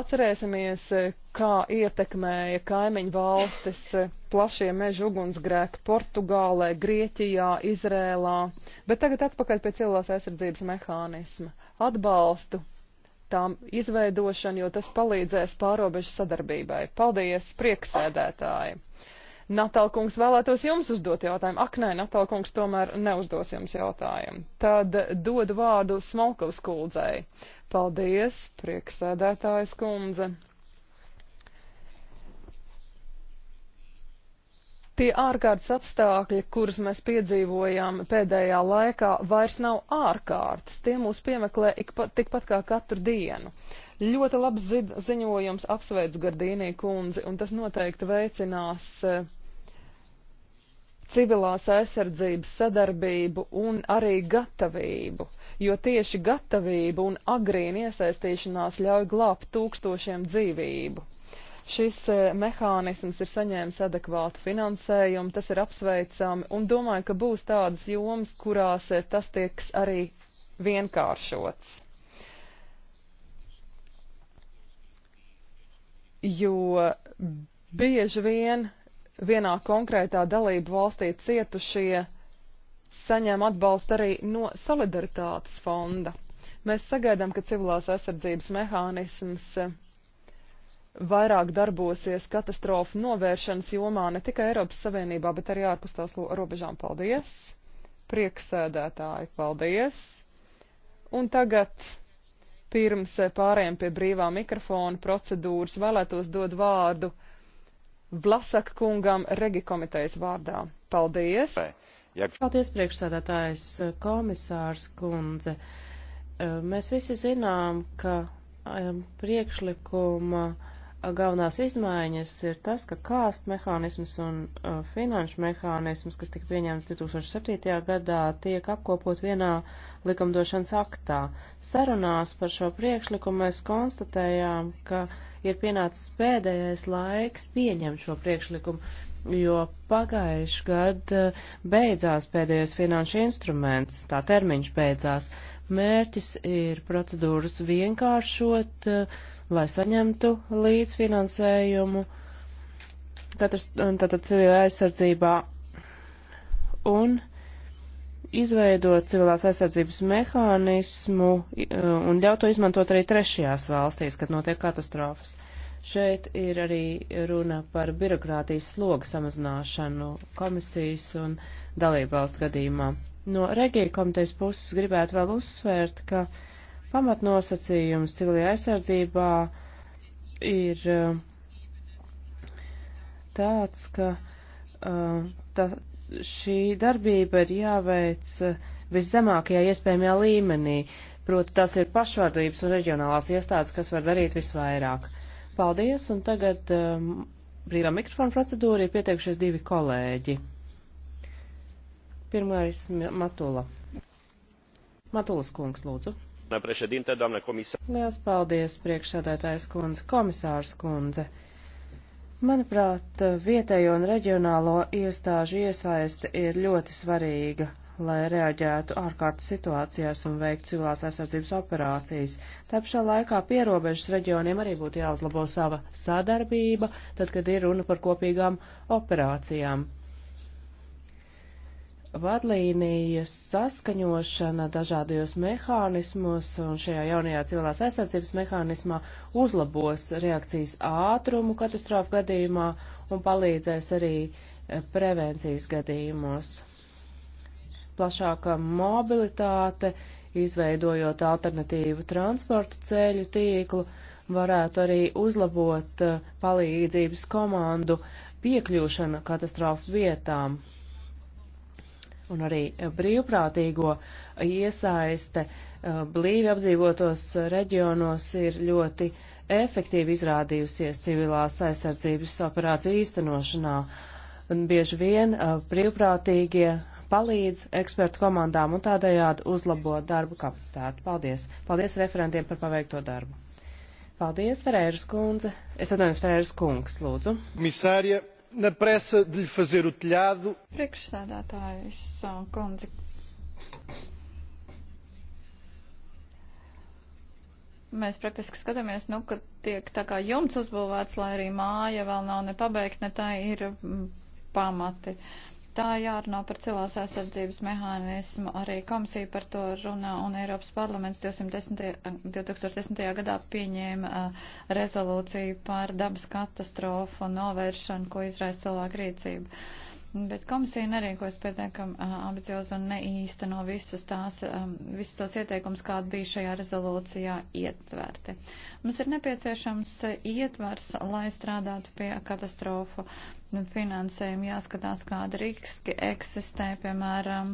Atcerēsimies, eh, kā ietekmēja kaimiņu valstis eh, plašie meža ugunsgrēki Portugālē, Grieķijā, Izrēlā, bet tagad atpakaļ pie civilās aizsardzības mehānisma. Atbalstu tām izveidošanu, jo tas palīdzēs pārobežu sadarbībai. Paldies, prieksēdētāji! Natālkungs vēlētos jums uzdot jautājumu. Ak, nē, Natālkungs tomēr neuzdos jums jautājumu. Tad dodu vārdu Smolkovs kundzei. Paldies, prieksēdētājas kundze! Tie ārkārtas apstākļi, kurus mēs piedzīvojām pēdējā laikā, vairs nav ārkārtas. Tie mūs piemeklē pa, tikpat kā katru dienu. Ļoti labs zi ziņojums apsveicu Gardīnī kundzi, un tas noteikti veicinās eh, civilās aizsardzības sadarbību un arī gatavību, jo tieši gatavība un agrīna iesaistīšanās ļauj glābt tūkstošiem dzīvību. Šis e, mehānisms ir saņēmis adekvātu finansējumu, tas ir apsveicami, un domāju, ka būs tādas jomas, kurās e, tas tieks arī vienkāršots. Jo bieži vien vienā konkrētā dalību valstī cietušie saņem atbalstu arī no solidaritātes fonda. Mēs sagaidām, ka civilās aizsardzības mehānisms e, vairāk darbosies katastrofu novēršanas jomā ne tikai Eiropas Savienībā, bet arī ārpus tās robežām. Paldies! Prieksēdētāji, paldies! Un tagad pirms pārējiem pie brīvā mikrofona procedūras vēlētos dod vārdu Vlasak kungam Regi komitejas vārdā. Paldies! Paldies, priekšsēdētājs komisārs kundze. Mēs visi zinām, ka um, priekšlikuma galvenās izmaiņas ir tas, ka kāst mehānisms un uh, finanšu mehānisms, kas tika pieņemts 2007. gadā, tiek apkopot vienā likumdošanas aktā. Sarunās par šo priekšlikumu mēs konstatējām, ka ir pienācis pēdējais laiks pieņemt šo priekšlikumu, jo pagājuši gad uh, beidzās pēdējais finanšu instruments, tā termiņš beidzās. Mērķis ir procedūras vienkāršot, uh, lai saņemtu līdzfinansējumu katrs, tātad civilā aizsardzībā un izveidot civilās aizsardzības mehānismu un ļaut to izmantot arī trešajās valstīs, kad notiek katastrofas. Šeit ir arī runa par birokrātijas slogu samazināšanu komisijas un dalībvalstu gadījumā. No regija komitejas puses gribētu vēl uzsvērt, ka uh, Pamatnosacījums civilajā aizsardzībā ir eh, tāds, ka eh, tā, šī darbība ir jāveic eh, viszemākajā iespējamajā līmenī, proti tās ir pašvaldības un reģionālās iestādes, kas var darīt visvairāk. Paldies, un tagad um, brīvā mikrofona procedūra ir pieteikušies divi kolēģi. Pirmais Matula. Matulas kungs, lūdzu. Liels paldies, priekšsēdētājs kundze, komisārs kundze. Manuprāt, vietējo un reģionālo iestāžu iesaiste ir ļoti svarīga, lai reaģētu ārkārtas situācijās un veiktu civilās aizsardzības operācijas. Tā pašā laikā pierobežas reģioniem arī būtu jāuzlabo sava sadarbība, tad, kad ir runa par kopīgām operācijām vadlīnijas saskaņošana dažādajos mehānismos un šajā jaunajā civilās aizsardzības mehānismā uzlabos reakcijas ātrumu katastrofu gadījumā un palīdzēs arī eh, prevencijas gadījumos. Plašāka mobilitāte, izveidojot alternatīvu transporta ceļu tīklu, varētu arī uzlabot eh, palīdzības komandu piekļūšanu katastrofu vietām un arī brīvprātīgo iesaiste eh, blīvi apdzīvotos reģionos ir ļoti efektīvi izrādījusies civilās aizsardzības operāciju īstenošanā. Un bieži vien eh, brīvprātīgie palīdz ekspertu komandām un tādējādi uzlabo darbu kapacitāti. Paldies! Paldies referentiem par paveikto darbu! Paldies, Ferēras kundze! Es atvainojos, Ferēras kungs, lūdzu! Misārija na pressa de lhe fazer o telhado. Priekšsēdētājs kundze. Mēs praktiski skatāmies, nu, ka tiek tā kā jumts uzbūvēts, lai arī māja vēl nav ne pabeigta, ne tā ir mm, pamati. Uh, Tā jārunā par civilās aizsardzības mehānismu, arī komisija par to runā, un Eiropas parlaments 210, 2010. gadā pieņēma uh, rezolūciju par dabas katastrofu novēršanu, ko izraisa cilvēku rīcību. Bet komisija nerīkojas pietiekam uh, ambiciozi un neīsteno visus, tās, um, visus tos ieteikumus, kādi bija šajā rezolūcijā ietverti. Mums ir nepieciešams uh, ietvers, lai strādātu pie katastrofu nu, finansējumu jāskatās, kāda riski eksistē, piemēram,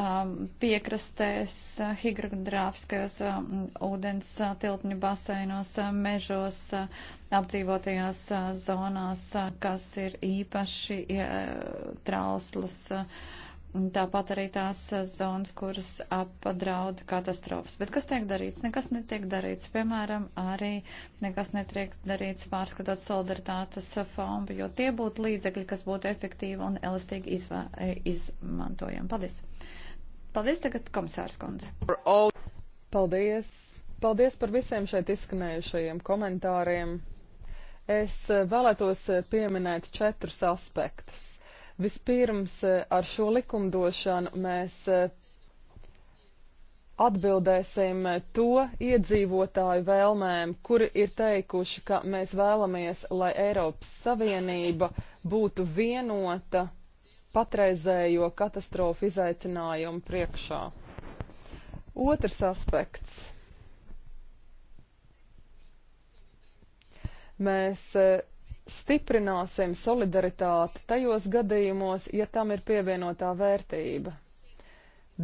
um, piekrastēs, uh, hidrogrāfiskajos um, ūdens uh, tilpņu baseinos, uh, mežos, apdzīvotajās zonās, kas ir īpaši trauslas. Ja, Un tāpat arī tās zonas, kuras apdraud katastrofas. Bet kas tiek darīts? Nekas netiek darīts. Piemēram, arī nekas netiek darīts pārskatot solidaritātes fondu, jo tie būtu līdzekļi, kas būtu efektīvi un elastīgi izvā, izmantojami. Paldies! Paldies tagad, komisārs Kundze! Paldies! Paldies par visiem šeit izskanējušajiem komentāriem. Es vēlētos pieminēt četrus aspektus. Vispirms eh, ar šo likumdošanu mēs eh, atbildēsim eh, to iedzīvotāju vēlmēm, kuri ir teikuši, ka mēs vēlamies, lai Eiropas Savienība būtu vienota patreizējo katastrofu izaicinājumu priekšā. Otrs aspekts. Mēs stiprināsim solidaritāti tajos gadījumos, ja tam ir pievienotā vērtība.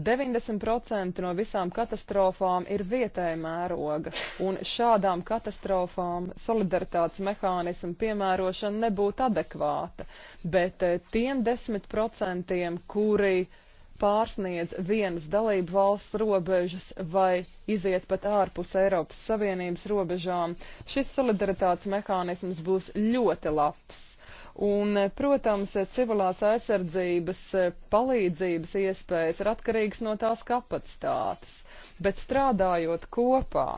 90% no visām katastrofām ir vietēja mēroga, un šādām katastrofām solidaritātes mehānismu piemērošana nebūtu adekvāta, bet eh, tiem 10%, kuri uh, pārsniedz vienas dalību valsts robežas vai iziet pat ārpus Eiropas Savienības robežām, šis solidaritātes mehānisms būs ļoti labs. Un, protams, civilās aizsardzības palīdzības iespējas ir atkarīgas no tās kapacitātes, bet strādājot kopā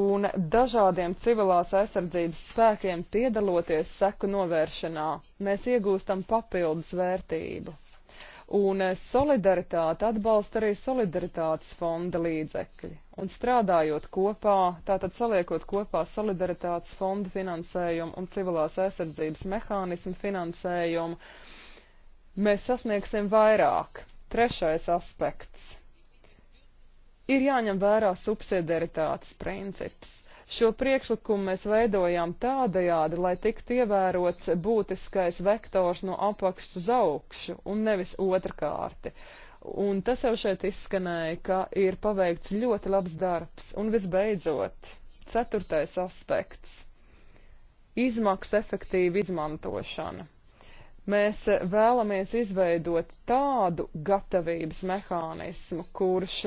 un dažādiem civilās aizsardzības spēkiem piedaloties seku novēršanā, mēs iegūstam papildus vērtību. Un eh, solidaritāte atbalsta arī solidaritātes fonda līdzekļi. Un strādājot kopā, tātad saliekot kopā solidaritātes fonda finansējumu un civilās aizsardzības mehānismu finansējumu, mēs sasniegsim vairāk. Trešais aspekts. Ir jāņem vērā subsidiaritātes princips. Šo priekšlikumu mēs veidojām tādajādi, lai tiktu ievērots būtiskais vektors no apakšas uz augšu un nevis otrkārti. Un tas jau šeit izskanēja, ka ir paveikts ļoti labs darbs. Un visbeidzot, ceturtais aspekts - izmaksu efektīva izmantošana. Mēs vēlamies izveidot tādu gatavības mehānismu, kurš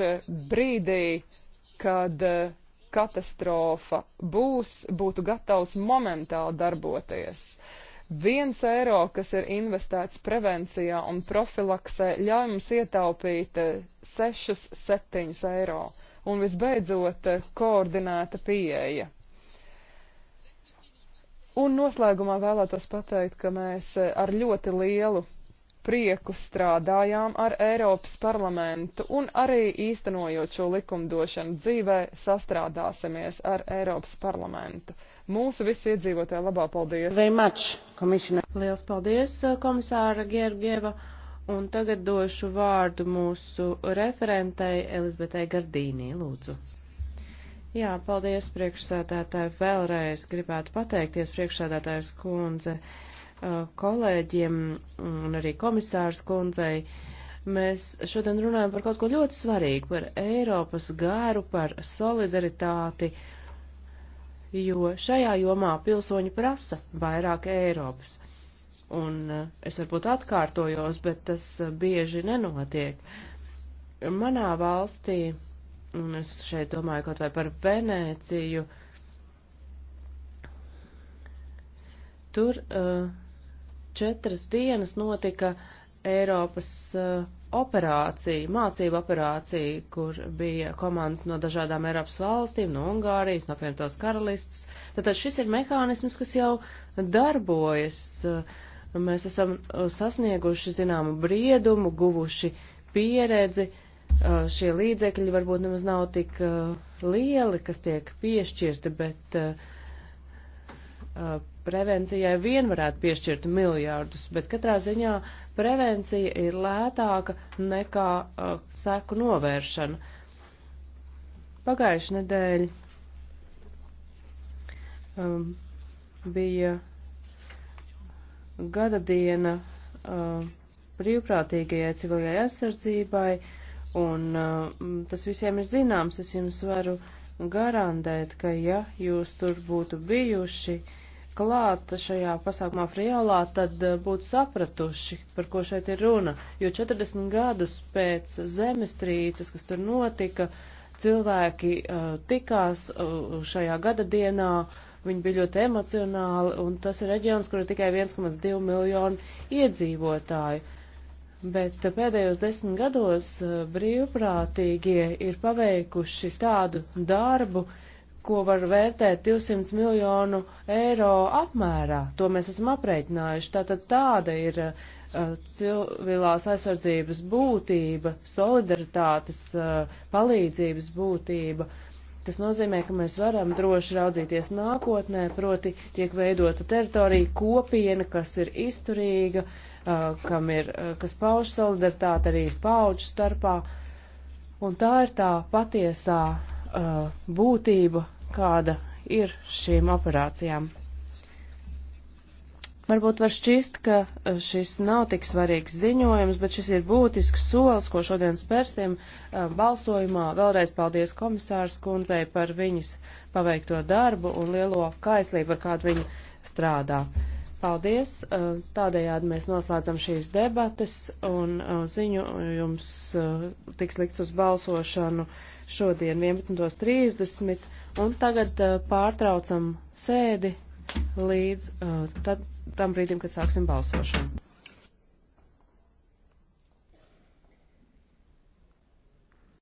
brīdī, kad katastrofa būs, būtu gatavs momentāli darboties. Viens eiro, kas ir investēts prevencijā un profilaksē, ļauj mums ietaupīt 6-7 eh, eiro. Un visbeidzot, eh, koordinēta pieeja. Un noslēgumā vēlētos pateikt, ka mēs eh, ar ļoti lielu prieku strādājām ar Eiropas parlamentu un arī īstenojot šo likumdošanu dzīvē sastrādāsimies ar Eiropas parlamentu. Mūsu visi iedzīvotāji labā paldies. Very much, Liels paldies, eh, komisāra Gergieva. Un tagad došu vārdu mūsu referentei Elizabetei Gardīnī, lūdzu. Jā, paldies priekšsēdētāji. Vēlreiz gribētu pateikties priekšsēdētājas kundze. Uh, Uh, kolēģiem un arī komisārs kundzei. Mēs šodien runājam par kaut ko ļoti svarīgu, par Eiropas gāru, par solidaritāti, jo šajā jomā pilsoņi prasa vairāk Eiropas. Un uh, es varbūt atkārtojos, bet tas uh, bieži nenotiek. Manā valstī, un es šeit domāju kaut vai par Venēciju, tur uh, četras dienas notika Eiropas uh, operācija, mācība operācija, kur bija komandas no dažādām Eiropas valstīm, no Ungārijas, no apvienotās karalistas. Tātad šis ir mehānisms, kas jau darbojas. Eh, mēs esam eh, sasnieguši zināmu briedumu, guvuši pieredzi. Šie līdzekļi varbūt nemaz nav tik lieli, kas tiek piešķirti, bet prevencijai vien varētu piešķirt miljārdus, bet katrā ziņā prevencija ir lētāka nekā uh, seku novēršana. Pagājuši nedēļ um, bija gada diena uh, brīvprātīgajai civilajai aizsardzībai, un uh, tas visiem ir zināms, es jums varu garantēt, ka ja jūs tur būtu bijuši, uh, klāt šajā pasākumā Friolā, tad eh, būtu sapratuši, par ko šeit ir runa, jo 40 gadus pēc zemestrīces, kas tur notika, cilvēki uh, tikās uh, šajā gada dienā, viņi bija ļoti emocionāli, un tas ir reģions, kur ir tikai 1,2 miljonu iedzīvotāju. Bet pēdējos desmit gados brīvprātīgie ir paveikuši tādu darbu, uh, ko var vērtēt 200 miljonu eiro apmērā. To mēs esam aprēķinājuši. Tātad tāda ir uh, civilās aizsardzības būtība, solidaritātes uh, palīdzības būtība. Tas nozīmē, ka mēs varam droši raudzīties nākotnē, proti tiek veidota teritorija kopiena, kas ir izturīga, uh, kam ir, uh, kas pauž solidaritāti arī pauģu starpā. Un tā ir tā patiesā uh, būtību, kāda ir šīm operācijām. Varbūt var šķist, ka uh, šis nav tik svarīgs ziņojums, bet šis ir būtisks solis, ko šodien spērsim uh, balsojumā. Vēlreiz paldies komisārs kundzei par viņas paveikto darbu un lielo kaislību, ar kādu viņa strādā. Paldies! Uh, tādējādi mēs noslēdzam šīs debates un ziņojums tiks likts uz balsošanu šodien 11.30 un tagad uh, pārtraucam sēdi līdz uh, tad, tam brīdim, kad sāksim balsošanu.